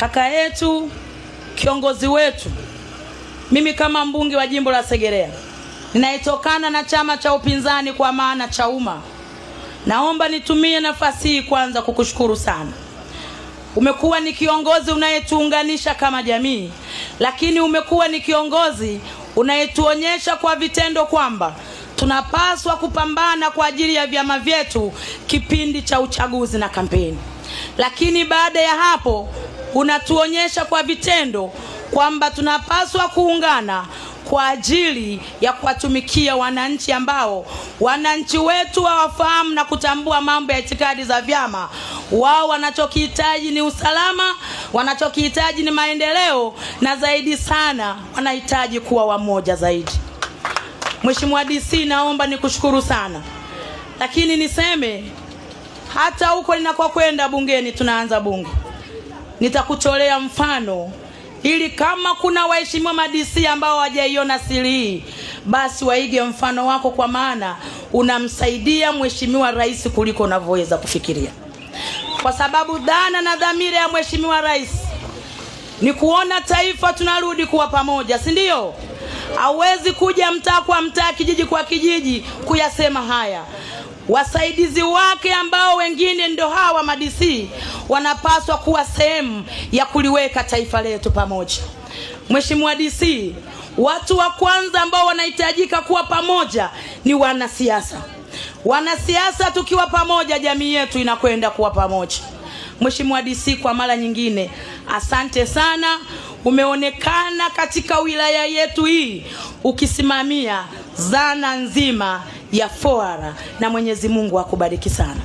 kaka yetu, kiongozi wetu. Mimi kama mbunge wa jimbo la Segerea ninayetokana na chama cha upinzani kwa maana umma naomba nitumie nafasi hii kwanza kukushukuru sana. Umekuwa ni kiongozi unayetuunganisha kama jamii, lakini umekuwa ni kiongozi unayetuonyesha kwa vitendo kwamba tunapaswa kupambana kwa ajili ya vyama vyetu kipindi cha uchaguzi na kampeni. Lakini baada ya hapo unatuonyesha kwa vitendo kwamba tunapaswa kuungana kwa ajili ya kuwatumikia wananchi ambao wananchi wetu hawafahamu na kutambua mambo ya itikadi za vyama. Wao wanachokihitaji ni usalama, wanachokihitaji ni maendeleo, na zaidi sana wanahitaji kuwa wamoja zaidi. Mheshimiwa DC, naomba nikushukuru sana, lakini niseme hata huko linakokwenda bungeni, tunaanza bunge nitakutolea mfano ili kama kuna waheshimiwa madisi ambao hawajaiona siri hii, basi waige mfano wako, kwa maana unamsaidia mheshimiwa rais kuliko unavyoweza kufikiria, kwa sababu dhana na dhamira ya mheshimiwa rais ni kuona taifa tunarudi kuwa pamoja, si ndio? hawezi kuja mtaa kwa mtaa, kijiji kwa kijiji kuyasema haya. Wasaidizi wake ambao wengine ndio hawa madisi wanapaswa kuwa sehemu ya kuliweka taifa letu pamoja. Mheshimiwa DC, watu wa kwanza ambao wanahitajika kuwa pamoja ni wanasiasa. Wanasiasa tukiwa pamoja, jamii yetu inakwenda kuwa pamoja. Mheshimiwa DC, kwa mara nyingine asante sana, umeonekana katika wilaya yetu hii ukisimamia zana nzima ya foara, na Mwenyezi Mungu akubariki sana.